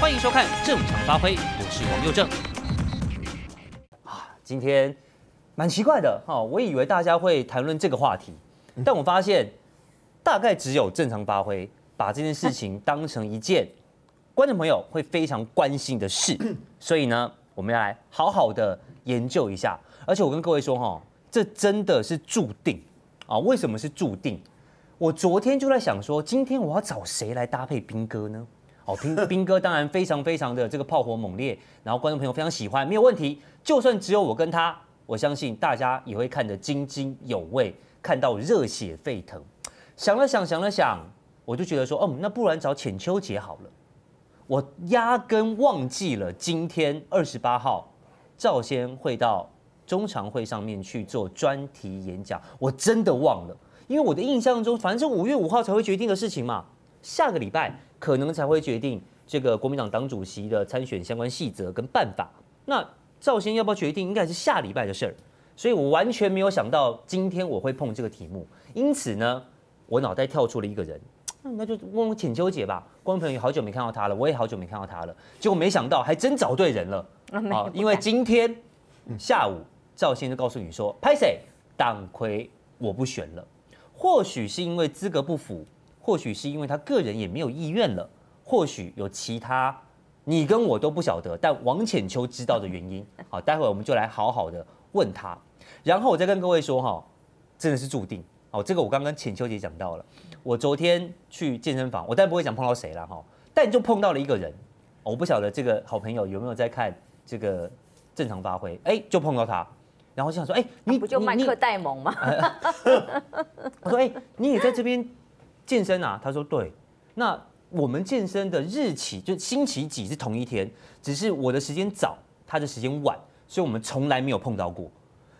歡迎收看《正常發揮》，我是王又正。啊，今天蠻奇怪的哈，我以為大家會談論這個話題，但我發現大概只有《正常發揮》把這件事情當成一件觀眾朋友會非常關心的事，所以呢，我們要來好好的研究一下。而且我跟各位說哈，這真的是注定啊！為什麼是注定？我昨天就在想說，今天我要找誰來搭配兵哥呢？兵兵哥當然非常非常的這個炮火猛烈，然後觀眾朋友非常喜歡，沒有問題。就算只有我跟他，我相信大家也會看得津津有味，看到熱血沸騰。想了想，想了想，我就覺得說，哦、嗯，那不然找淺秋姐好了。我壓根忘記了，今天二十八號趙先會到中常會上面去做專題演講，我真的忘了，因為我的印象中，反正五月五號才會決定的事情嘛，下個禮拜。可能才會決定這個國民黨黨主席的參選相關細則跟辦法。那趙先生要不要決定，應該是下禮拜的事兒。所以我完全沒有想到今天我會碰這個題目，因此呢，我腦袋跳出了一個人，嗯、那就問我淺秋姐吧。觀眾朋友好久沒看到他了，我也好久沒看到他了。結果沒想到還真找對人了。好、嗯啊，因為今天下午趙先生就告訴你說，拍謝，黨魁我不選了，或許是因為資格不符。或許是因為他個人也沒有意願了，或許有其他你跟我都不曉得，但王淺秋知道的原因。好，待會我們就來好好的問他。然後我再跟各位說哈，真的是注定哦。這個我剛剛跟淺秋姐講到了。我昨天去健身房，我但不會想碰到誰了哈，但就碰到了一個人。我不曉得這個好朋友有沒有在看這個正常發揮，哎、欸，就碰到他，然後就想說，哎、欸，你不就麥克戴蒙嗎？啊啊、我說，哎、欸，你也在這邊。健身啊，他說對。那我們健身的日期就星期幾是同一天，只是我的時間早，他的時間晚，所以我們從來沒有碰到過。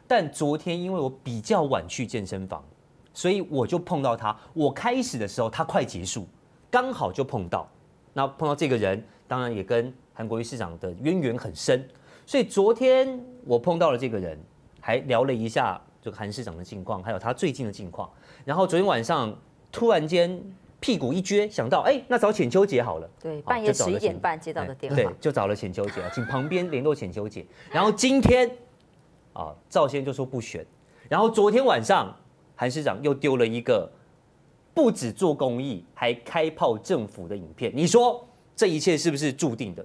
但昨天因為我比較晚去健身房，所以我就碰到他。我開始的時候他快結束，剛好就碰到。那碰到這個人，當然也跟韓國瑜市長的淵源很深。所以昨天我碰到了這個人，還聊了一下個韓市長的近況，還有他最近的近況。然後昨天晚上。突然間屁股一撅，想到哎、欸，那找淺秋姐好了。對，哦、半夜十一點半接到的電話，對，就找了淺秋姐啊，請旁邊聯絡淺秋姐。然後今天 啊，趙先生就說不選。然後昨天晚上，韓市長又丟了一個不止做公益，還開炮政府的影片。你說這一切是不是注定的？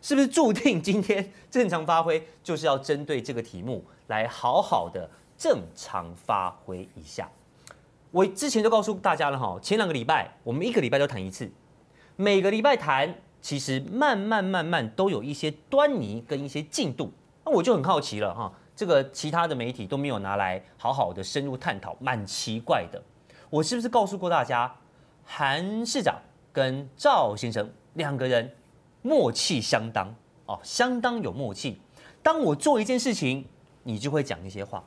是不是注定今天正常發揮就是要針對這個題目來好好的正常發揮一下？我之前就告訴大家了哈，前兩個禮拜我們一個禮拜都談一次，每個禮拜談，其實慢慢慢慢都有一些端倪跟一些進度，那我就很好奇了哈，這個其他的媒體都沒有拿來好好的深入探討，蠻奇怪的。我是不是告訴過大家，韓市長跟趙先生兩個人默契相當哦，相當有默契。當我做一件事情，你就會講一些話。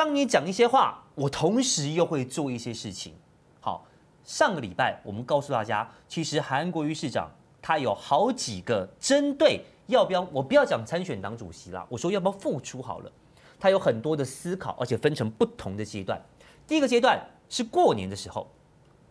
當你講一些話，我同時又會做一些事情。好，上個禮拜我們告訴大家，其實韓國瑜市長他有好幾個針對要不要，我不要講參選黨主席啦，我說要不要復出好了。他有很多的思考，而且分成不同的階段。第一個階段是過年的時候，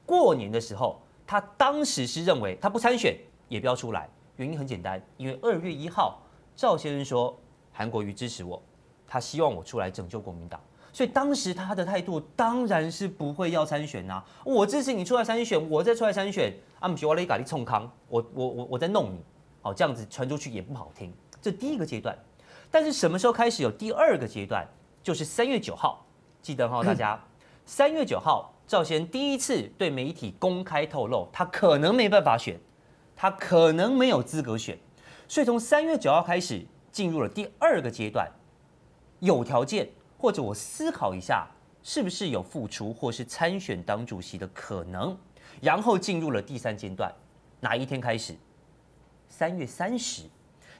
過年的時候他當時是認為他不參選也不要出來，原因很簡單，因為二月一號趙先生說韓國瑜支持我，他希望我出來拯救國民黨。所以當時他的態度當然是不會要參選吶、啊，我支持你出來參選，我再出來參選。阿姆奇瓦 c 卡利沖康，我我我我在弄你，好、哦、這樣子傳出去也不好聽，這第一個階段，但是什麼時候開始有第二個階段？就是三月九號，記得哈、哦、大家，三、嗯、月九號趙先生第一次對媒體公開透露他可能沒辦法選，他可能沒有資格選，所以從三月九號開始進入了第二個階段，有條件，或者我思考一下，是不是有復出或是參選黨主席的可能？然後進入了第三階段，哪一天開始？三月三十，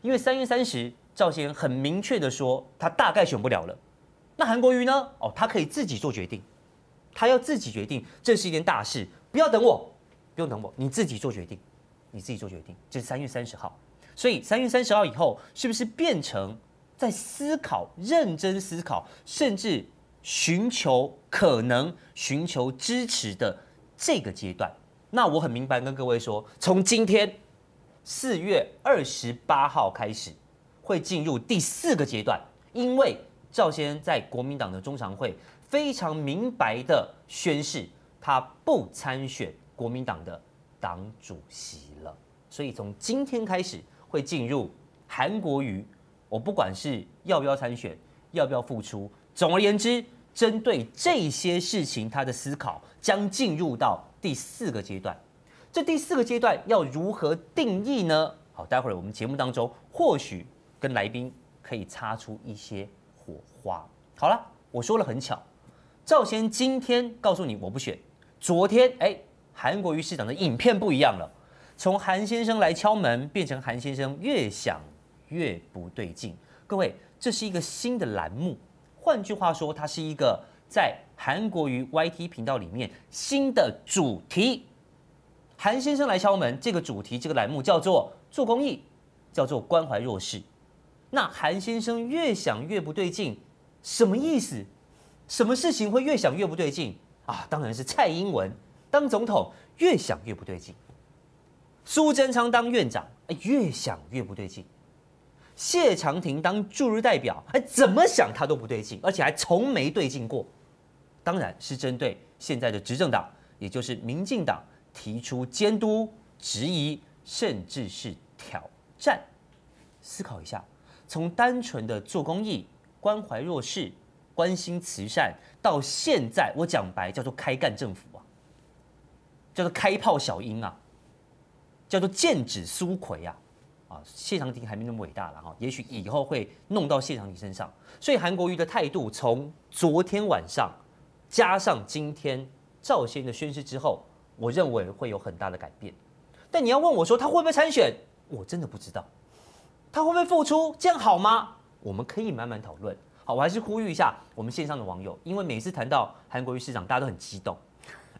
因為三月三十，趙先生很明確的說，他大概選不了了。那韓國瑜呢？哦，他可以自己做決定，他要自己決定，這是一件大事，不要等我，不用等我，你自己做決定，你自己做決定，這、就是三月三十號。所以三月三十號以後，是不是變成？在思考、認真思考，甚至尋求可能、尋求支持的這個階段，那我很明白跟各位說，從今天四月二十八號開始，會進入第四個階段，因為趙先生在國民黨的中常會非常明白地宣示，他不參選國民黨的黨主席了，所以從今天開始會進入韓國瑜。我不管是要不要參選，要不要付出。總而言之，針對這些事情，他的思考將進入到第四個階段。這第四個階段要如何定義呢？好，待會兒我們節目當中或許跟來賓可以擦出一些火花。好了，我說了很巧，趙先生今天告訴你我不選。昨天，哎，韓國瑜市長的影片不一樣了，從韓先生來敲門變成韓先生越想。越不對勁，各位，這是一個新的欄目，換句話說，它是一個在韓國瑜 YT 頻道裡面新的主題。韓先生來敲門，這個主題、這個欄目叫做做公益，叫做關懷弱勢。那韓先生越想越不對勁，什麼意思？什麼事情會越想越不對勁啊？當然是蔡英文當總統越想越不對勁，蘇貞昌當院長哎、欸、越想越不對勁。謝長廷當駐日代表，哎，怎麼想他都不對勁，而且還從沒對勁過。當然是針對現在的執政黨，也就是民進黨提出監督、質疑，甚至是挑戰。思考一下，從單純的做公益、關懷弱勢、關心慈善，到現在，我講白叫做開幹政府啊，叫做開炮小英啊，叫做劍指蘇揆啊。謝長廷還沒那麼偉大了哈，也許以後會弄到謝長廷身上。所以韓國瑜的態度從昨天晚上加上今天趙先的宣示之後，我認為會有很大的改變。但你要問我說他會不會參選，我真的不知道。他會不會復出，這樣好嗎？我們可以慢慢討論。好，我還是呼籲一下我們線上的網友，因為每次談到韓國瑜市長，大家都很激動、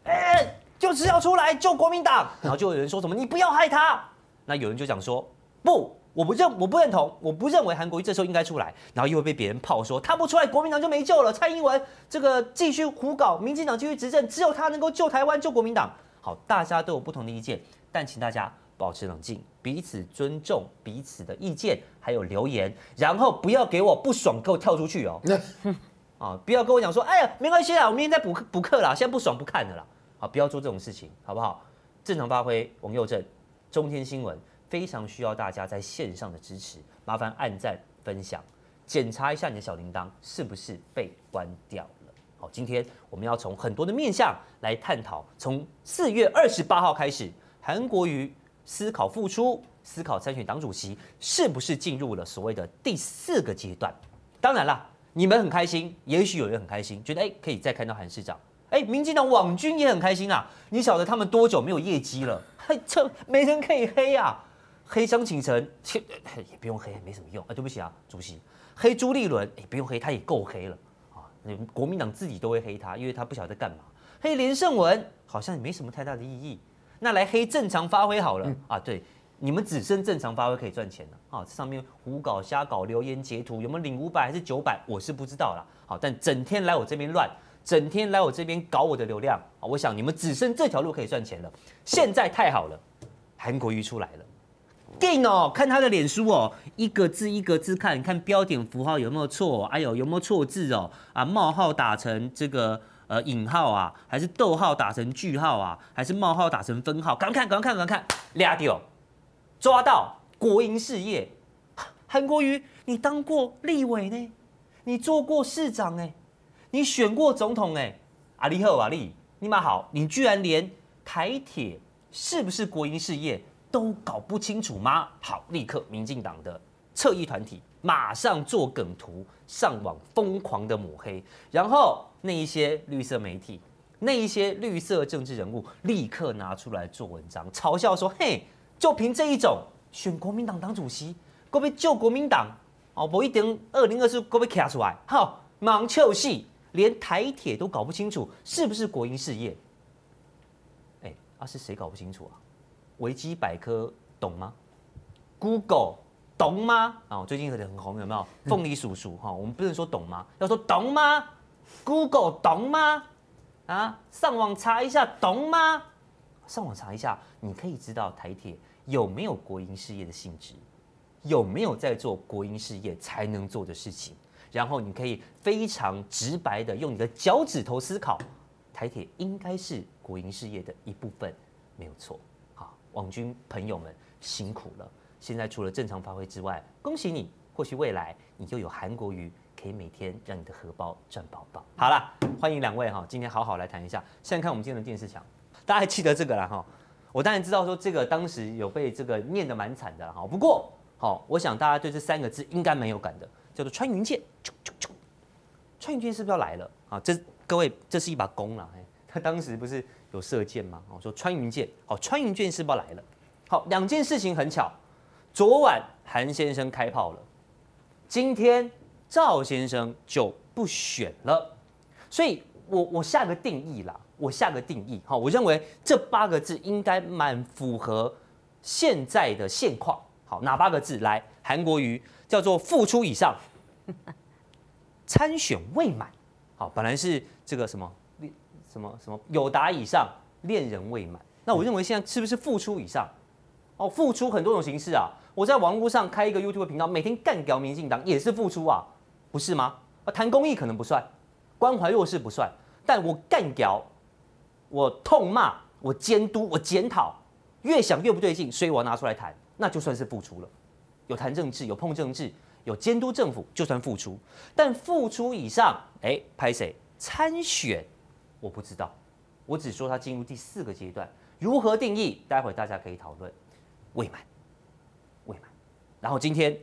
欸。就是要出來救國民黨，然後就有人說什麼你不要害他，那有人就講說。不，我不認，我不認同，我不認為韓國瑜這時候應該出來，然後又會被別人炮說他不出來，國民黨就沒救了。蔡英文這個繼續胡搞，民進黨繼續執政，只有他能夠救台灣，救國民黨。好，大家都有不同的意見，但請大家保持冷靜，彼此尊重彼此的意見，還有留言，然後不要給我不爽，給我跳出去哦。 啊，不要跟我講說，哎呀，沒關係啊，我明天再補補課啦，現在不爽不看了啦。好，不要做這種事情，好不好？正常發揮，王又正，中天新聞。非常需要大家在線上的支持，麻煩按贊、分享，檢查一下你的小鈴鐺是不是被關掉了。好，今天我們要從很多的面向來探討，從四月二十八號開始，韓國瑜思考復出，思考參選黨主席，是不是進入了所謂的第四個階段？當然啦，你們很開心，也許有人很開心，覺得誒、欸，可以再看到韓市長。哎、欸，民進黨網軍也很開心啊，你曉得他們多久沒有業績了？嘿，這沒人可以黑啊！黑張慶忠，也不用黑，沒什麼用啊。對不起啊，主席。黑朱立倫，也不用黑，他也夠黑了啊。那國民黨自己都會黑他，因為他不曉得幹嘛。黑連勝文，好像也沒什麼太大的意義。那來黑正常發揮好了、嗯、啊。對，你們只剩正常發揮可以賺錢了啊。這上面胡搞瞎搞，留言截圖有沒有領五百還是九百，我是不知道啦。好、啊，但整天來我這邊亂，整天來我這邊搞我的流量啊。我想你們只剩這條路可以賺錢了。現在太好了，韓國瑜出來了。看哦，看他的臉書哦、喔，一個字一個字看，看標點符號有沒有錯？哎呦，有沒有錯字哦、喔？啊，冒號打成這個呃引號啊，還是逗號打成句號啊，還是冒號打成分號？趕快看，趕快看，趕快看，抓到，抓到國營事業，韓國瑜，你當過立委呢，你做過市長哎，你選過總統哎，啊，你好啊，你，你也好，你居然連台鐵是不是國營事業？都搞不清楚嗎？好，立刻，民進黨的側翼團體馬上做梗圖上網瘋狂的抹黑，然後那一些綠色媒體、那一些綠色政治人物立刻拿出來做文章，嘲笑說：“嘿，就憑這一種選國民黨黨主席，夠不救國民黨哦？不一定二零二四夠不卡出來？好，盲笑戲，連台鐵都搞不清楚是不是國營事業？哎、欸，啊是誰搞不清楚啊？”維基百科懂嗎？Google 懂嗎？啊、哦，最近很很紅，有沒有？鳳梨叔叔哈、 哦，我們不能說懂嗎？要說懂嗎？Google 懂嗎？啊，上網查一下懂嗎？上網查一下，你可以知道台鐵有沒有國營事業的性質，有沒有在做國營事業才能做的事情。然後你可以非常直白的用你的腳趾頭思考，台鐵應該是國營事業的一部分，沒有錯。網軍朋友們辛苦了！現在除了正常發揮之外，恭喜你，或許未來你就有韓國瑜，可以每天讓你的荷包賺飽飽。好啦，歡迎兩位哈，今天好好來談一下。現在看我們今天的電視牆，大家還記得這個啦，哈？我當然知道說這個當時有被這個念得蠻慘的哈。不過好，我想大家對這三個字應該蠻有感的，叫做穿雲箭，啾啾啾。穿雲箭是不是要來了啊？這各位，這是一把弓了、欸，他當時不是。有射箭嗎？我說穿雲箭，好，穿雲箭是不來了？好，兩件事情很巧，昨晚韓先生開炮了，今天趙先生就不選了，所以我我下個定義啦，我下個定義好，我認為這八個字應該蠻符合現在的現況，好，哪八個字？來，韓國瑜叫做復出以上，參選未滿，好，本來是這個什麼？什麼什麼友達以上戀人未滿？那我認為現在是不是復出以上？哦，復出很多種形式啊。我在網絡上開一個 YouTube 頻道，每天幹掉民進黨也是復出啊，不是嗎？啊，談公益可能不算，關懷弱勢不算，但我幹掉，我痛罵，我監督，我檢討，越想越不對勁，所以我要拿出來談，那就算是復出了。有談政治，有碰政治，有監督政府，就算復出。但復出以上，哎、欸，拍誰參選？我不知道，我只說它進入第四個階段，如何定義？待會大家可以討論。未滿，未滿。然後今天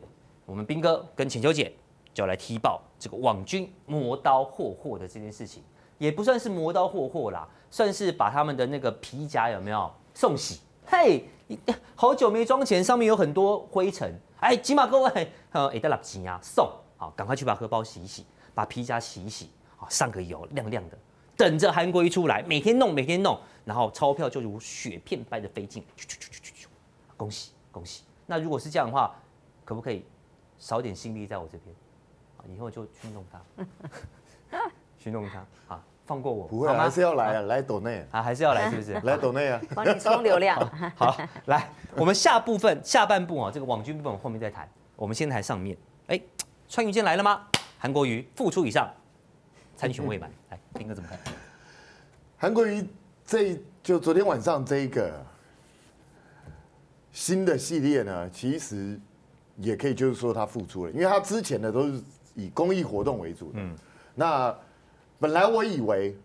我們兵哥跟淺秋姐就來踢爆這個網軍磨刀霍霍的這件事情，也不算是磨刀霍霍啦，算是把他們的那個皮夾有沒有送洗？嘿，好久沒裝錢，上面有很多灰塵。哎，起碼各位，呃、哦，也來不及啊，送。好、哦，趕快去把荷包洗一洗，把皮夾洗一洗，好、哦，上個油，亮亮的。等着韓國瑜出來，每天弄，每天弄，然後鈔票就如雪片般的飛進去去去去去，恭喜恭喜！那如果是這樣的話，可不可以少點心力在我這邊？以後就去弄它，去弄它。啊！放過我，不會還是要來來抖內啊，啊還是要來是不是？來抖內啊！幫你充流量，好，好來，我們下部分下半部啊、哦，這個網軍部分我後面再談，我們先談上面。哎，穿雲箭來了嗎？韓國瑜復出以上。參選未滿，來 哥怎麼看？韓國瑜這就昨天晚上這一個新的系列呢，其實也可以就是說他復出了，因為他之前的都是以公益活動為主。嗯，那本來我以為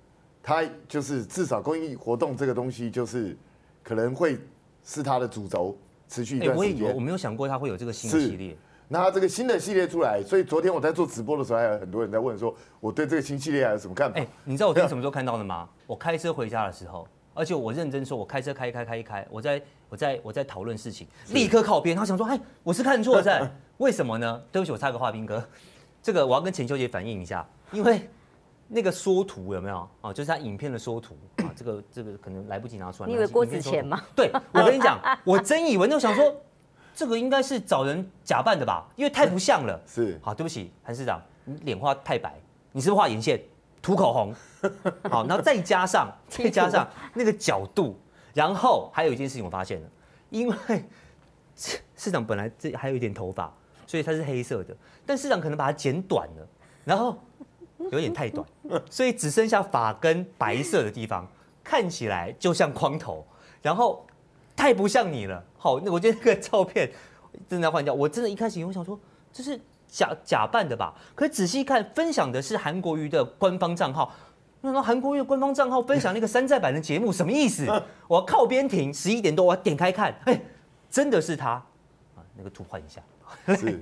他就是至少公益活動這個東西就是可能會是他的主軸，持續一段時間、欸、我,以為我沒有想過他會有這個新的系列。那這個新的系列出來，所以昨天我在做直播的時候，還有很多人在問說，我對這個新系列還有什麼看法？哎、欸，你知道我今天什麼時候看到的嗎？啊、我開車回家的時候，而且我認真說，我開車開一開開一開，我在我在我在討論事情，是立刻靠邊，他想說，哎、欸，我是看錯了， 為什麼呢？對不起，我插個話，兵哥，這個我要跟淺秋姐反映一下，因為那個縮圖有沒有？哦、啊，就是他影片的縮圖啊，這個這個可能來不及拿出來。你以為郭子乾嗎？對，我跟你講， 我真以為，就想說。這個應該是找人假扮的吧，因為太不像了。是好，對不起，韓市長，你臉畫太白，你是不是畫眼線、塗口紅？好，然後再加上再加上那個角度，然後還有一件事情我發現了，因為市市長本來這還有一點頭髮，所以它是黑色的，但市長可能把它剪短了，然後有點太短，所以只剩下髮根白色的地方，看起來就像光頭。然後。太不像你了，好，那我覺得那個照片真的要換掉。我真的一開始我想說這是假假扮的吧，可是仔細看分享的是韓國瑜的官方賬號，那韓國瑜的官方賬號分享那個山寨版的節目，什麼意思？我要靠邊停，十一點多我要點開看，哎，真的是他，啊，那個圖換一下。是，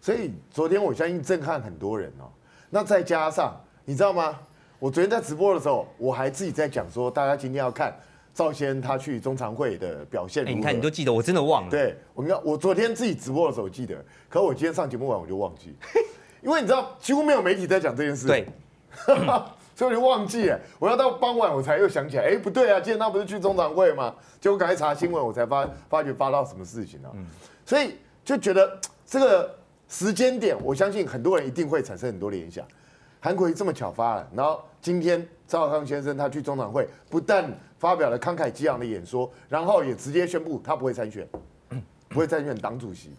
所以昨天我相信震撼很多人哦。那再加上你知道嗎？我昨天在直播的時候，我還自己在講說大家今天要看。趙先他去中常會的表現，你看，你都記得，我真的忘了，對我看，我昨天自己直播的時候記得，可我今天上節目完我就忘記，因為你知道幾乎沒有媒體在講這件事，對，所以我就忘記。哎，我要到傍晚我才又想起來，哎，不對啊，今天他不是去中常會嘛，結果趕快查新聞，我才發發覺發到什麼事情了啊，所以就覺得這個時間點，我相信很多人一定會產生很多的聯想。韓國瑜這麼巧發了，啊，然後今天趙少康先生他去中常會，不但發表了慷慨激昂的演說，然後也直接宣布他不會參選，不會參選黨主席，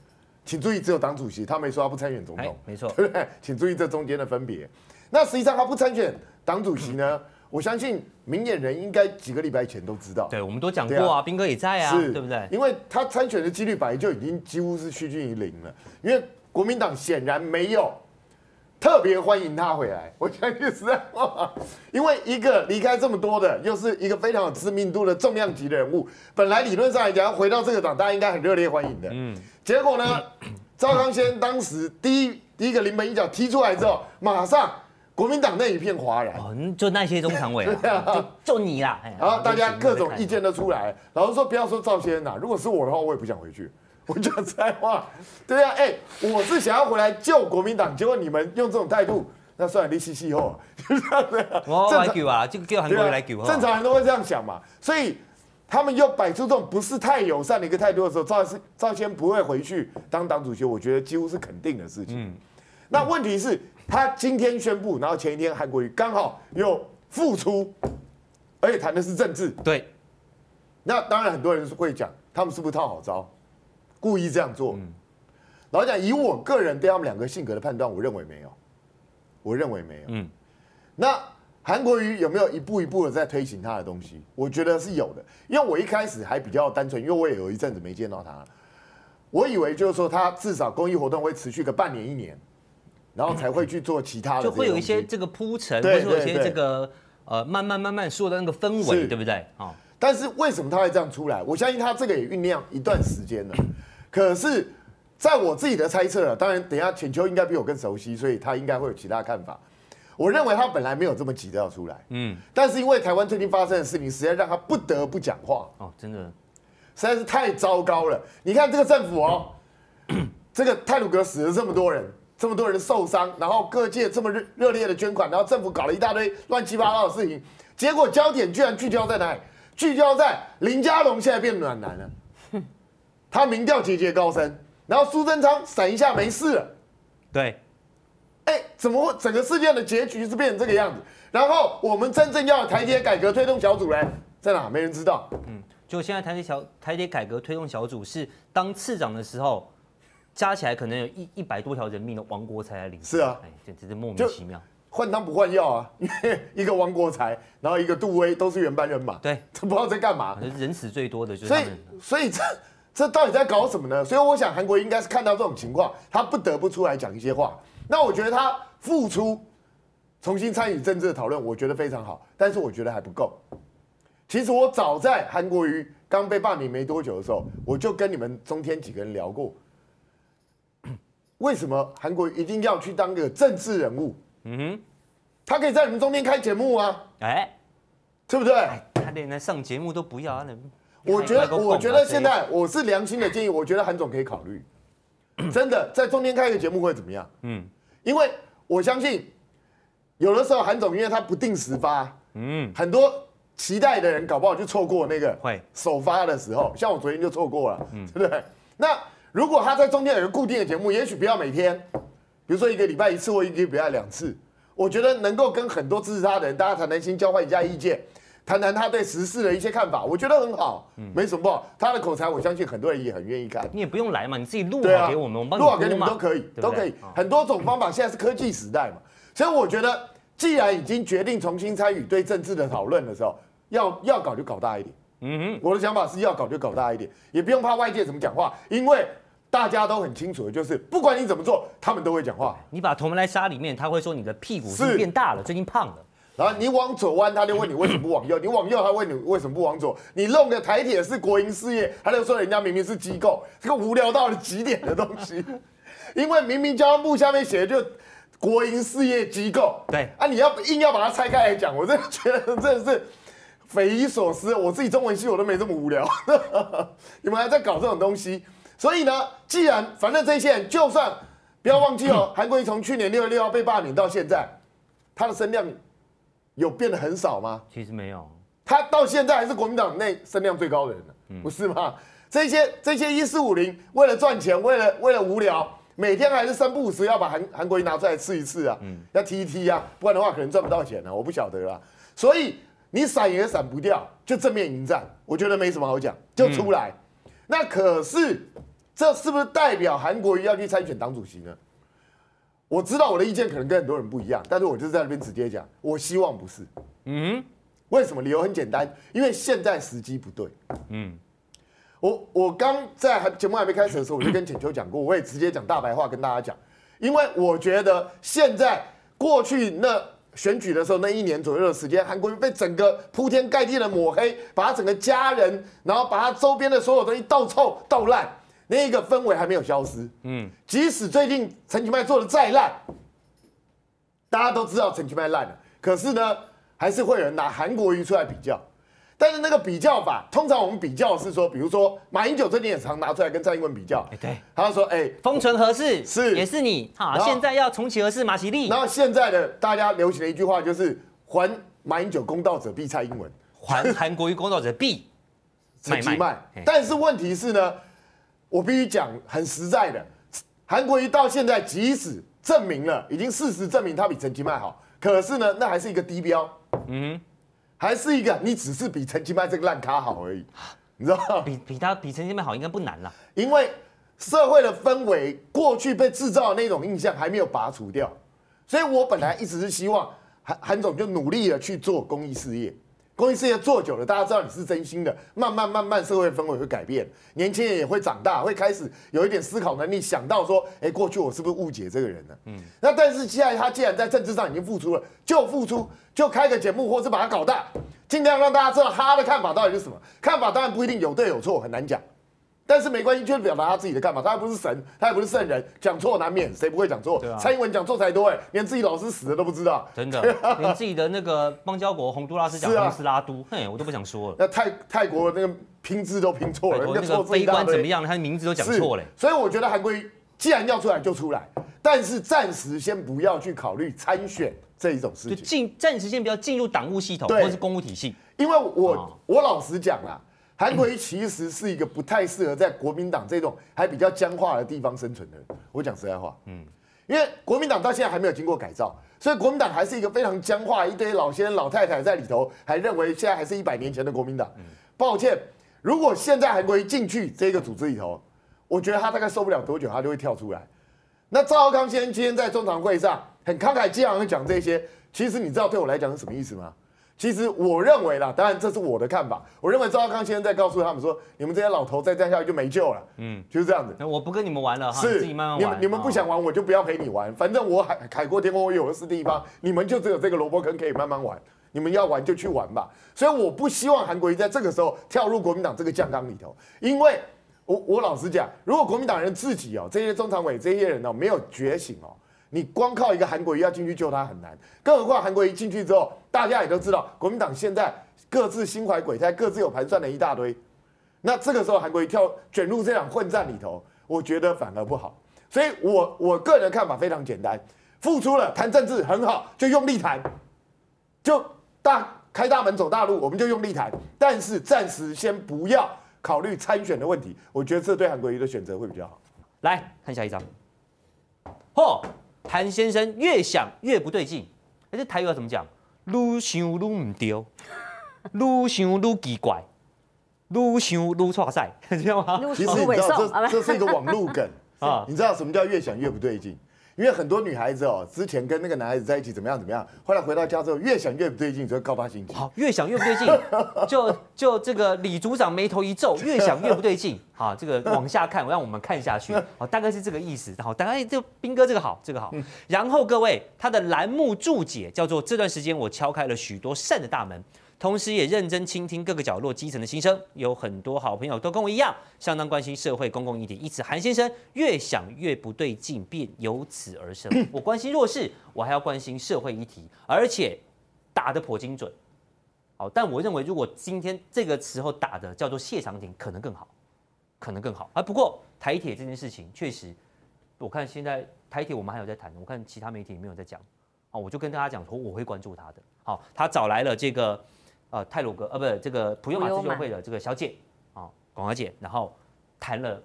請注意只有黨主席，他沒說他不參選總統，沒錯，對不對？請注意這中間的分別。那實際上他不參選黨主席呢，我相信明眼人應該幾個禮拜前都知道，對，我們都講過啊，斌、啊、哥也在啊，是對不對？因為他參選的幾率本來就已經幾乎是趨近於零了，因為國民黨顯然沒有。特別歡迎他回來，我相信是因為一個離開這麼多的，又是一個非常有知名度的重量級的人物，本來理論上來講，回到這個黨，大家應該很熱烈歡迎的。嗯，結果呢，趙少康、嗯、先當時第一第一個臨門一腳踢出來之後，馬上國民黨那一片嘩然，哦、那就那些中常委、啊 啊就，就你了、哎、然後大家各種意見都出來，然後、嗯、說不要說趙先生、啊、如果是我的話，我也不想回去。我就在話，對呀、啊，哎、欸，我是想要回來救國民黨，結果你們用這種態度，那算了，你死死了，利息以後，正常人都會這樣想嘛，所以他們又擺出這種不是太友善的一個態度的時候，趙是趙先不會回去當黨主席，我覺得幾乎是肯定的事情。嗯，那問題是，他今天宣布，然後前一天韓國瑜剛好又復出，而且談的是政治，對，那當然很多人是會講，他們是不是套好招？故意這樣做，老實講，以我個人對他們兩個性格的判斷，我認為沒有，我認為沒有。嗯，那韓國瑜有沒有一步一步的在推行他的東西？我覺得是有的，因為我一開始還比較單純，因為我也有一陣子沒見到他，我以為就是說他至少公益活動會持續個半年一年，然後才會去做其他的，就會有一些這個鋪陳，會有一些這個呃慢慢慢慢說的那個氛圍，是 對不對？啊，但是為什麼他會這樣出來？我相信他這個也醞釀一段時間了對。 可是，在我自己的猜測啊，當然，等一下淺秋應該比我更熟悉，所以他應該會有其他看法。我認為他本來沒有這麼急著要出來，嗯，但是因為台灣最近發生的事情，實在讓他不得不講話。哦，真的，實在是太糟糕了。你看這個政府哦，嗯、 這個太魯閣死了這麼多人，這麼多人受傷，然後各界這麼熱熱烈的捐款，然後政府搞了一大堆亂七八糟的事情，結果焦點居然聚焦在哪裡？聚焦在林佳龍現在變暖男了。他民調節節高升，然後蘇貞昌閃一下沒事了，對，哎、欸，怎麼會整個事件的結局是變成這個樣子？然後我們真正要台鐵改革推動小組呢，在哪？沒人知道。嗯，就現在台鐵小台鐵改革推動小組是當次長的時候，加起來可能有一一百多條人命的王國材來領，是啊，哎、欸，簡直是莫名其妙，換湯不換藥啊，因為一個王國材，然後一個杜威都是原班人馬，對，他不知道在幹嘛。人死最多的，就是、所以所以這。這到底在搞什麼呢？所以我想，韓國應該是看到這種情況，他不得不出來講一些話。那我覺得他復出，重新參與政治的討論，我覺得非常好。但是我覺得還不夠。其實我早在韓國瑜剛被罷免沒多久的時候，我就跟你們中天幾個人聊過，為什麼韓國瑜一定要去當個政治人物？嗯哼他可以在你們中間開節目啊？哎，對不對？他連來上節目都不要啊？我覺得，我覺得現在我是良心的建議，我覺得韓總可以考慮。真的，在中間開一個節目會怎麼樣？嗯，因為我相信有的時候韓總因為他不定時發，嗯，很多期待的人搞不好就錯過那個會首發的時候。像我昨天就錯過了，對不對？那如果他在中間有個固定的節目，也許不要每天，比如說一個禮拜一次或一個禮拜兩次，我覺得能夠跟很多支持他的人，大家談談心，交換一下意見。談談他對時事的一些看法，我覺得很好，嗯，沒什麼不好。他的口才，我相信很多人也很願意看。你也不用來嘛，你自己錄啊，給我們，錄啊，你給你們都可以，對對都可以。哦、很多種方法，現在是科技時代嘛。所以我覺得，既然已經決定重新參與對政治的討論的時候，要要搞就搞大一點。嗯哼，我的想法是要搞就搞大一點，也不用怕外界怎麼講話，因為大家都很清楚的就是，不管你怎麼做，他們都會講話。你把頭埋在沙裡面，他會說你的屁股是變大了，是最近胖了。然後你往左彎，他就問你為什麼不往右；你往右，他問你為什麼不往左。你弄的台鐵是國營事業，他就說人家明明是機構，這個無聊到了極點的東西。因為明明交通部下面寫的就國營事業機構，對啊，你要硬要把它拆開來講，我真的覺得真的是匪夷所思。我自己中文系我都沒這麼無聊，你們還在搞這種東西。所以呢，既然反正這一線，就算不要忘記哦，韓國瑜從去年六月六號被罷免到現在，他的聲量。有變得很少嗎？其實沒有，他到現在還是國民黨內聲量最高的人，嗯，不是嗎？這些這些一四五零為了賺錢，為了為了無聊，每天還是三不五時要把韓韓國瑜拿出來刺一刺啊，嗯，要踢一踢啊，不然的話可能賺不到錢啊，我不曉得啦。所以你閃也閃不掉，就正面迎戰，我覺得沒什麼好講，就出來。嗯、那可是這是不是代表韓國瑜要去參選黨主席呢？我知道我的意見可能跟很多人不一樣，但是我就是在那邊直接講，我希望不是。嗯哼，為什麼？理由很簡單，因為現在時機不對。嗯，我我剛在節目還沒開始的時候，我就跟淺秋講過，我也直接講大白話跟大家講，因為我覺得現在過去那選舉的時候那一年左右的時間，韓國瑜被整個鋪天蓋地的抹黑，把他整個家人，然後把他周邊的所有東西倒臭倒爛。那個氛圍還沒有消失，嗯、即使最近陳其邁做的再爛，大家都知道陳其邁爛了，可是呢，還是會有人拿韓國瑜出來比較，但是那個比較法，通常我們比較的是說，比如說馬英九最近也常拿出來跟蔡英文比較，欸、對他說，哎、欸，封存核四？我是，也是你，好、啊，後現在要重啟核四？馬其力。然後現在的大家流行的一句話就是，還馬英九公道者必蔡英文，還韓國瑜公道者必陳其邁。但是問題是呢？嘿嘿嘿我必須講很實在的，韓國瑜到現在，即使證明了，已經事實證明他比陳其邁好，可是呢，那還是一個低標，嗯哼，還是一個你只是比陳其邁這個爛咖好而已，你知道嗎？比、比他比陳其邁好應該不難了，因為社會的氛圍過去被制造的那種印象還沒有拔除掉，所以我本來一直是希望韓韓總就努力的去做公益事業。公益事業做久了，大家知道你是真心的，慢慢慢慢社會氛圍會改變，年輕人也會長大，會開始有一點思考能力，想到說，哎、欸，過去我是不是誤解這個人了、啊？嗯，那但是現在他既然在政治上已經付出了，就付出，就開個節目，或是把它搞大，盡量讓大家知道他的看法到底是什麼。看法當然不一定有對有錯，很難講。但是沒關係，卻表達他自己的看法。他也不是神，他也不是聖人，講錯難免，誰不會講錯？啊、蔡英文講錯才多哎，連自己老師死的都不知道。真的，啊、連自己的那個邦交國洪都拉斯講的是、啊、斯拉都，哼，我都不想說了。那泰泰國那個拼字都拼錯了，託那個飛官怎麼樣？他的名字都講錯了。所以我覺得韓國瑜既然要出來就出來，但是暫時先不要去考慮參選這一種事情。進暫時先不要進入黨務系統對或者是公務體系，因為我、哦、我老實講啦。韓國瑜其實是一個不太適合在國民黨這種還比較僵化的地方生存的人。我講實在話，嗯，因為國民黨到現在還沒有經過改造，所以國民黨還是一個非常僵化，一堆老先生、老太太在裡頭，還認為現在還是一百年前的國民黨。抱歉，如果現在韓國瑜進去這個組織裡頭，我覺得他大概受不了多久，他就會跳出來。那趙少康先生今天在中常會上很慷慨激昂的講這些，其實你知道對我來講是什麼意思嗎？其實我認為啦，當然這是我的看法。我認為趙少康先生在告訴他們說：“你們這些老頭再這樣下去就沒救了。”嗯，就是這樣子。那我不跟你們玩了，是你，慢慢你們你們不想玩，哦、我就不要陪你玩。反正我海海闊天空，我有的是地方。你們就只有這個蘿蔔坑可以慢慢玩。你們要玩就去玩吧。所以我不希望韓國瑜在這個時候跳入國民黨這個醬缸裡頭，因為我我老實講，如果國民黨人自己哦，這些中常委這些人哦，沒有覺醒哦。你光靠一個韓國瑜要進去救他很難，更何況韓國瑜進去之後，大家也都知道國民黨現在各自心懷鬼胎，各自有盤算了一大堆。那這個時候韓國瑜跳捲入這場混戰裡頭，我覺得反而不好。所以，我我個人看法非常簡單：付出了談政治很好，就用力談，就大開大門走大路，我們就用力談。但是暫時先不要考慮參選的問題，我覺得這對韓國瑜的選擇會比較好來。來看下一張，嚯、哦！譚先生越想越不對勁，欸，這台語要怎麼講？越想越唔對，越想越奇怪，越想越錯賽，你知道嗎？其實你知道這這是一個網路梗啊，你知道什麼叫越想越不對勁？哦因為很多女孩子哦，之前跟那個男孩子在一起怎麼樣怎麼樣，後來回到家之後越想越不對勁，就告發心警。好，越想越不對勁， 就就這個李組長眉頭一皺，越想越不對勁。好，這個往下看，我讓我們看下去好，大概是這個意思。好，大概就兵哥這個好，這個好。然後各位，他的欄目注解叫做，這段時間我敲開了許多扇的大門。同時，也認真傾聽各個角落基層的心聲，有很多好朋友都跟我一樣，相當關心社會公共議題。因此，韓先生越想越不對勁，便由此而生。我關心弱勢，我還要關心社會議題，而且打得頗精準。好、哦，但我認為，如果今天這個時候打的叫做謝長廷，可能更好，可能更好。啊，不過台鐵這件事情，確實，我看現在台鐵我們還有在談，我看其他媒體也沒有在講。啊、哦，我就跟大家講說，我會關注他的。好、哦，他找來了這個。呃，太魯閣，呃、啊，不，這個普悠瑪自救會的這個小姐，哦，董小姐，然後談了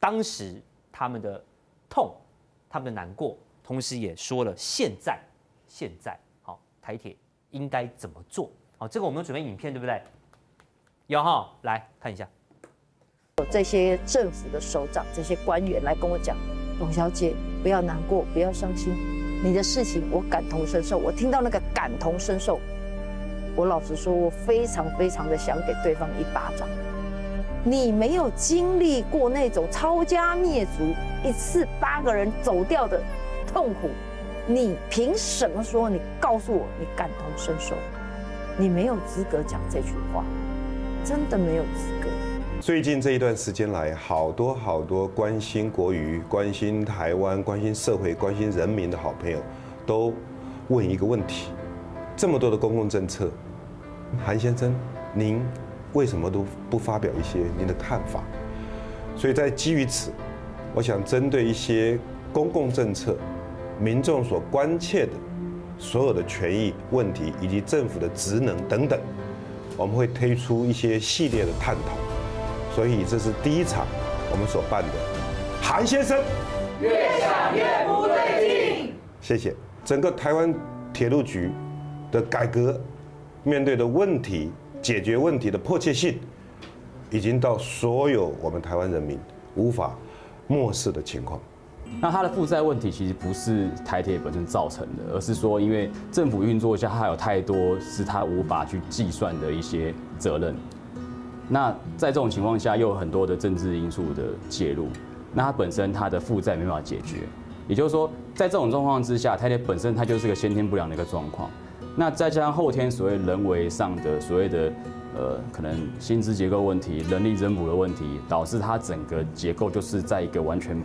當時他們的痛、他們的難過，同時也說了現在，現在，好、哦，台鐵應該怎麼做？好、哦，這個我們有準備影片，對不對？有哈，來看一下，有這些政府的首長、這些官員來跟我講，董小姐不要難過，不要傷心，你的事情我感同身受，我聽到那個感同身受。我老實說，我非常非常的想給對方一巴掌。你沒有經歷過那種抄家滅族、一次八個人走掉的痛苦，你憑什麼說你告訴我你感同身受？你沒有資格講這句話，真的沒有資格。最近這一段時間來，好多好多關心國瑜、關心台灣、關心社會、關心人民的好朋友，都問一個問題。這麼多的公共政策，韓先生，您為什麼都不發表一些您的看法？所以在基於此，我想針對一些公共政策，民眾所關切的所有的權益問題以及政府的職能等等，我們會推出一些系列的探討。所以這是第一場我們所辦的。韓先生，越想越不對勁。謝謝。整個台灣鐵路局的改革，面對的問題，解決問題的迫切性，已經到所有我們台灣人民無法漠視的情況。那它的負債問題其實不是台鐵本身造成的，而是說因為政府運作下，它還有太多是它無法去計算的一些責任。那在這種情況下，又有很多的政治因素的介入，那它本身它的負債沒辦法解決。也就是說，在這種狀況之下，台鐵本身它就是個先天不良的一個狀況。那再加上後天所謂人為上的所謂的，呃，可能薪資結構問題、人力增補的問題，導致它整個結構就是在一個完全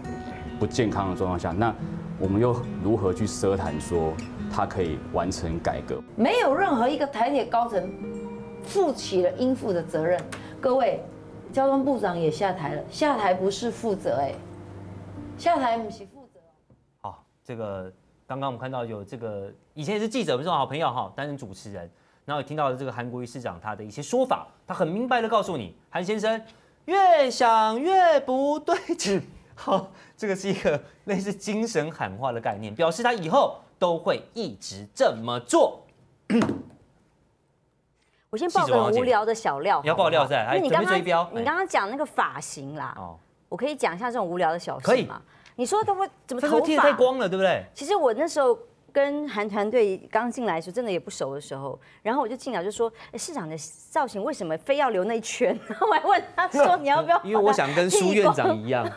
不健康的狀況下。那我們又如何去奢談說它可以完成改革？沒有任何一個台鐵高層負起了應負的責任。各位，交通部長也下台了，下台不是負責哎、欸，下台不是負責、欸、好，這個。剛剛我們看到，有這個以前也是記者，不是好朋友哈、哦，擔任主持人，然後聽到了這個韓國瑜市長他的一些說法，他很明白的告訴你，韓先生越想越不對勁，好，這個是一個類似精神喊話的概念，表示他以後都會一直這麼做。我先爆個無聊的小料，你 要爆料在，因為你剛剛你剛剛講那個髮型啦，哎、我可以講一下這種無聊的小事嗎？可以。你說他會怎麼頭髮光了對不對？其實我那時候跟韓團隊剛進來的時候，真的也不熟的時候，然後我就進來就說：“市長的造型為什麼非要留那一圈？”然後我還問他說：“你要不要？”因為我想跟蘇院長一樣。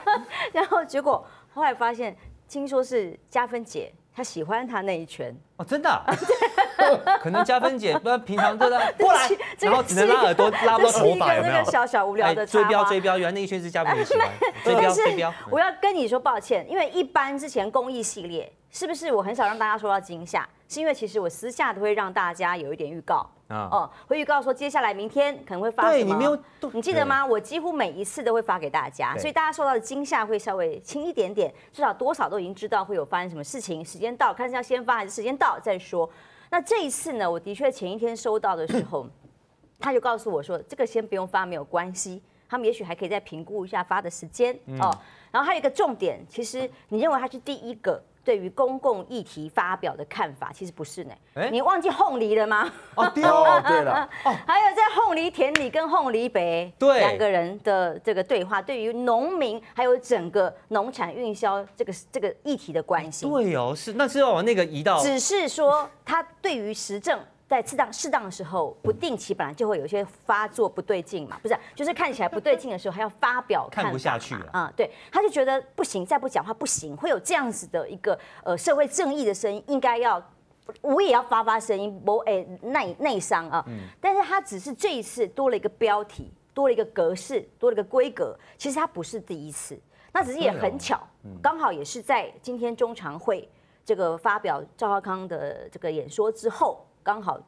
然後結果後來發現，聽說是佳芬姐。他喜歡他那一圈哦，真的、啊， 可能佳芬姐，不然平常都在。過來，然後只能拉耳朵，拉不到頭髮，那個小小無聊的追標追標，原來那一圈是佳芬姐喜歡、哎追。追標追標，嗯、我要跟你說抱歉，因為一般之前公益系列是不是我很少讓大家受到驚嚇，是因為其實我私下都會讓大家有一點預告。Oh, 哦，會預告說接下來明天可能會發什麼？你沒有，你記得嗎？對我幾乎每一次都會發給大家，對所以大家受到的驚嚇會稍微輕一點點，對至少多少都已經知道會有發生什麼事情。時間到，看是要先發還是時間到再說。那這一次呢，我的確前一天收到的時候， 他就告訴我說，這個先不用發，沒有關係，他們也許還可以再評估一下發的時間，嗯，哦，然後還有一個重點，其實你認為他是第一個。對於公共議題發表的看法，其實不是呢。誒你忘記鳳梨了嗎？Oh, 哦，oh, 對了，oh. 還有在鳳梨田裡跟鳳梨伯兩個人的這個對話，對，對於農民還有整個農產運銷這個這個議題的關係。對哦，是，那是要把那個移到。只是說他對於時政。在適當適當的時候，不定期本來就會有一些發作不對勁嘛，不是、啊？就是看起來不對勁的時候，還要發表看,看不下去了。啊、嗯，對，他就覺得不行，再不講話不行，會有這樣子的一個呃社會正義的聲音，應該要我也要發發聲音，某哎內內傷啊。嗯、但是他只是這一次多了一個標題，多了一個格式，多了一個規格。其實他不是第一次，那只是也很巧，剛、哦嗯、好也是在今天中常會這個發表趙少康的這個演說之後。剛好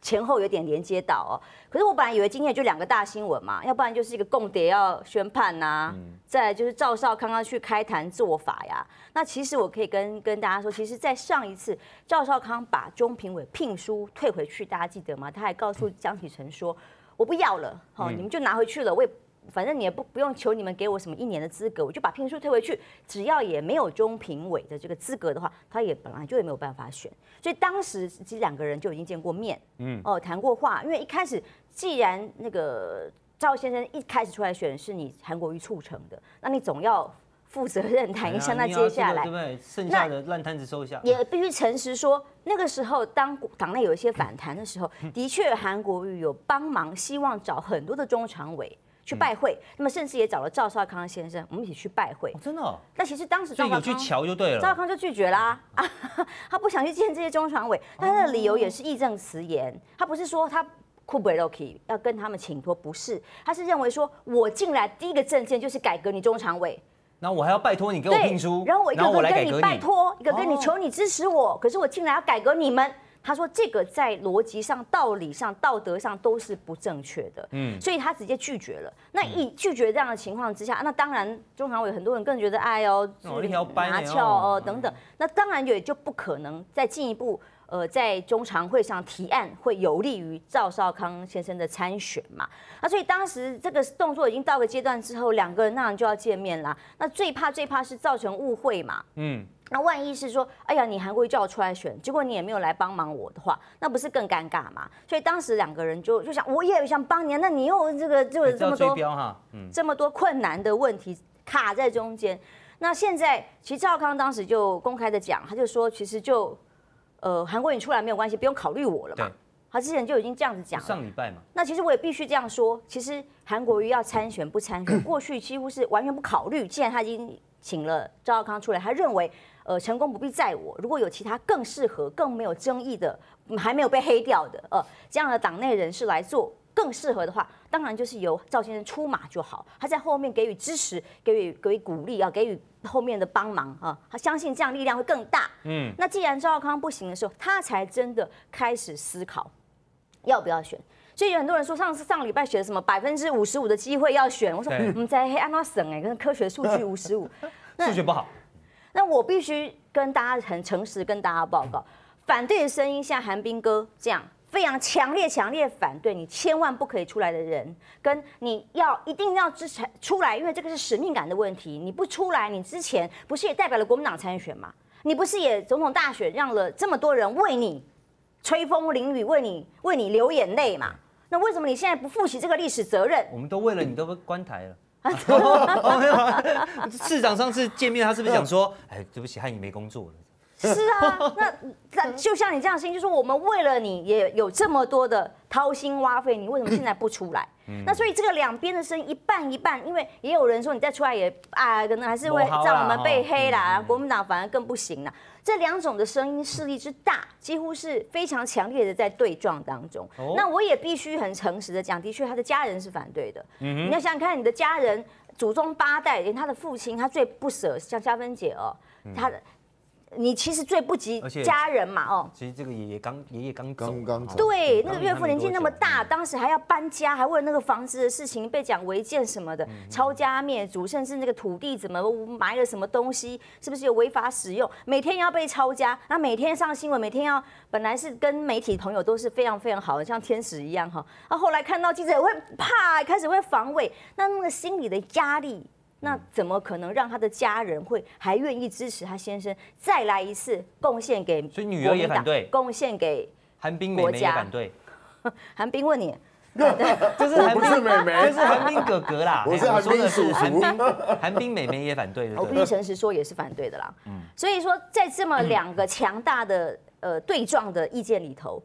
前後有點連接到哦，可是我本來以為今天就兩個大新聞嘛，要不然就是一個共諜要宣判吶、啊，再就是趙少康剛去開壇做法呀。那其實我可以跟跟大家說，其實，在上一次趙少康把中評委聘書退回去，大家記得嗎？他還告訴江啟臣說：“我不要了，好，你們就拿回去了，我也。”反正你也不，不用求你們給我什麼一年的資格，我就把聘書退回去。只要也沒有中評委的這個資格的話，他也本來就也沒有辦法選。所以當時其實兩個人就已經見過面，嗯，哦談過話。因為一開始既然那個趙先生一開始出來選的是你韓國瑜促成的，那你總要負責任談一下。那接下來對不對？剩下的爛攤子收一下，也必須誠實說，那個時候當黨內有一些反彈的時候，的確韓國瑜有幫忙，希望找很多的中常委，去拜會，嗯、那麼甚至也找了趙少康先生，我們一起去拜會。哦、真的、哦？那其實當時趙少康去就去瞧就對了。趙少康就拒絕啦、啊嗯嗯啊，他不想去見這些中常委。嗯、他的理由也是義正辭嚴，嗯、他不是說他庫伯都可要跟他們請託，不是，他是認為說，我進來第一個政見就是改革你中常委。那我還要拜託你給我聘書。然後我一個跟你拜託，一個跟你求你支持我，哦、可是我進來要改革你們。他說：“這個在邏輯上、道理上、道德上都是不正確的。”嗯，所以他直接拒絕了。嗯、那一拒絕這樣的情況之下，那當然中常委很多人更覺得：“哎呦，拿翹哦，等等。”哦、那當然就就不可能再進一步。呃，在中常會上提案會有利於趙少康先生的參選嘛？那所以當時這個動作已經到個階段之後，兩個人那就要見面啦。那最怕最怕是造成誤會嘛？嗯。那萬一是說，哎呀，你韓國瑜叫我出來選，結果你也沒有來幫忙我的話，那不是更尷尬嗎？所以當時兩個人就就想，我也想幫你，那你又這個就是這麼多，標哈，嗯、這麼多困難的問題卡在中間。那現在其實趙少康當時就公開的講，他就說，其實就，呃，韓國瑜出來沒有關係，不用考慮我了嘛。對他之前就已經這樣子講了，上禮拜嘛。那其實我也必須這樣說，其實韓國瑜要參選不參選，過去幾乎是完全不考慮。 既然他已經請了趙少康出來，他認為。呃，成功不必在我。如果有其他更適合、更沒有爭議的、嗯、還沒有被黑掉的呃，這樣的黨內人士來做更適合的話，當然就是由趙先生出馬就好。他在後面給予支持、給予給予鼓勵啊，給予後面的幫忙啊。他相信這樣力量會更大。嗯，那既然趙少康不行的時候，他才真的開始思考要不要選。所以有很多人說上，上次上禮拜選什麼百分之五十五的機會要選，我說我們在安娜省哎，跟科學數據五十五，數學不好。那我必須跟大家很誠實，跟大家報告，反對的聲音像韓冰哥這樣非常強烈、強烈反對你，千萬不可以出來的人，跟你要一定要支持出來，因為這個是使命感的問題。你不出來，你之前不是也代表了國民黨參選嘛？你不是也總統大選讓了這麼多人為你吹風淋雨，為你為你流眼淚嘛？那為什麼你現在不負起這個歷史責任？我們都為了你都關台了。董 市長上次見面，他是不是想說：“哎、嗯，對不起，害你沒工作了？”是啊，那那就像你這樣的聲音，就是我們為了你也有這麼多的掏心挖肺，你為什麼現在不出來？嗯、那所以這個兩邊的聲音一半一半，因為也有人說，你再出來也啊，可能還是會讓我們被黑啦。啊哦、嗯嗯國民黨反而更不行了。這兩種的聲音勢力之大，幾乎是非常強烈的在對撞當中。哦、那我也必須很誠實的講，的確他的家人是反對的。嗯嗯你要想想看，你的家人祖宗八代，連他的父親，他最不舍像佳芬姐哦，他的。嗯你其實最不及家人嘛，哦，其實這個爺爺剛爺爺剛對，那個岳父年紀那麼大，嗯、當時還要搬家，還為了那個房子的事情被講違建什麼的，嗯嗯抄家滅族，甚至那個土地怎麼埋了什麼東西，是不是有違法使用，每天要被抄家，那每天上新聞，每天要本來是跟媒體朋友都是非常非常好的，像天使一樣哈、哦，然後後來看到記者會怕，開始會防衛，那那個心理的壓力。那怎麼可能讓他的家人會還願意支持他先生再來一次貢獻給？所以女兒也反對，貢獻給韓冰美眉也反對。韓冰問你，這是不是美眉？這是韓冰哥哥啦。我是韓冰屬、欸、說的屬臣，韓 冰美眉也反對的。我必須誠實說，也是反對的啦。嗯，所以說在這麼兩個強大的、嗯、呃對撞的意見裡頭。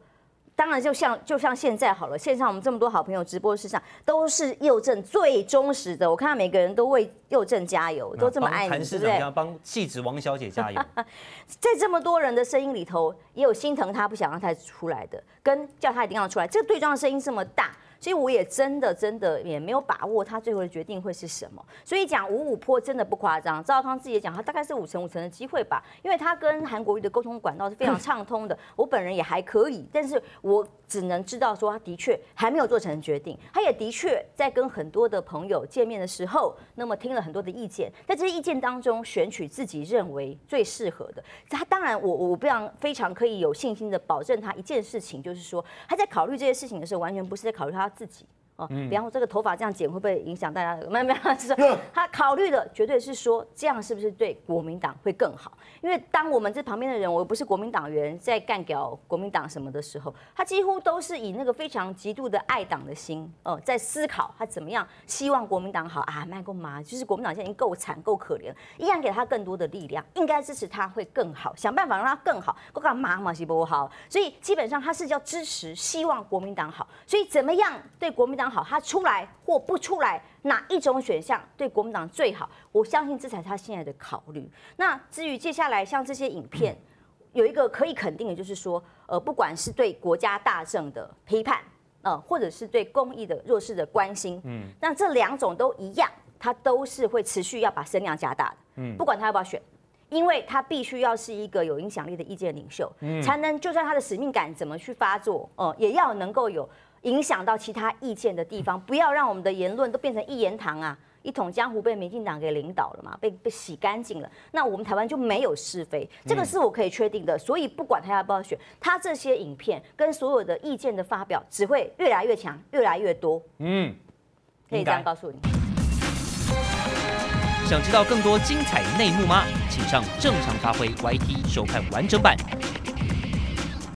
當然，就像就像現在好了，線上我們這麼多好朋友，直播室上都是又正最忠實的。我看到每個人都為又正加油，都這麼愛你。韓、啊、市長樣？幫戲子王小姐加油。 在這麼多人的聲音裡頭，也有心疼他不想讓他出來的，跟叫他一定要出來。這個對撞聲音這麼大。所以我也真的真的也沒有把握他最後的決定會是什麼。所以講五五波真的不誇張，趙康自己也講他大概是五成五成的機會吧，因為他跟韓國瑜的溝通管道是非常暢通的。我本人也還可以，但是我。只能知道說，他的確還沒有做成決定，他也的確在跟很多的朋友見面的時候，那麼聽了很多的意見，在這些意見當中選取自己認為最適合的。他當然，我我非常非常可以有信心的保證，他一件事情就是說，他在考慮這些事情的時候，完全不是在考慮他自己。嗯、比方說，這個頭髮這樣剪會不會影響大家？沒有沒有，他、嗯嗯嗯、考慮的絕對是說，這樣是不是對國民黨會更好？因為當我們這旁邊的人，我又不是國民黨員，在幹掉國民黨什麼的時候，他幾乎都是以那個非常極度的愛黨的心，呃，在思考他怎麼樣希望國民黨好啊？賣過嗎？就是國民黨現在已經夠慘夠可憐，依然給他更多的力量，應該支持他會更好，想辦法讓他更好。我幹嘛嘛西伯好，所以基本上他是要支持，希望國民黨好。所以怎麼樣對國民黨？好，他出來或不出來，哪一種選項對國民黨最好？我相信這才是他現在的考慮。那至於接下來像這些影片，有一個可以肯定的，就是說，呃，不管是對國家大政的批判，呃，或者是對公益的弱勢的關心，嗯，那這兩種都一樣，他都是會持續要把聲量加大的，嗯，不管他要不要選，因為他必須要是一個有影響力的意見領袖，嗯，才能就算他的使命感怎麼去發作，哦，呃，也要能夠有。影響到其他意見的地方，不要讓我們的言論都變成一言堂啊！一統江湖被民進黨給領導了嘛，被被洗乾淨了，那我們台灣就沒有是非，這個是我可以確定的。所以不管他要不要選，他這些影片跟所有的意見的發表，只會越來越強，越來越多。嗯，可以這樣告訴你。應該。想知道更多精彩內幕嗎？請上正常發揮 YT 收看完整版。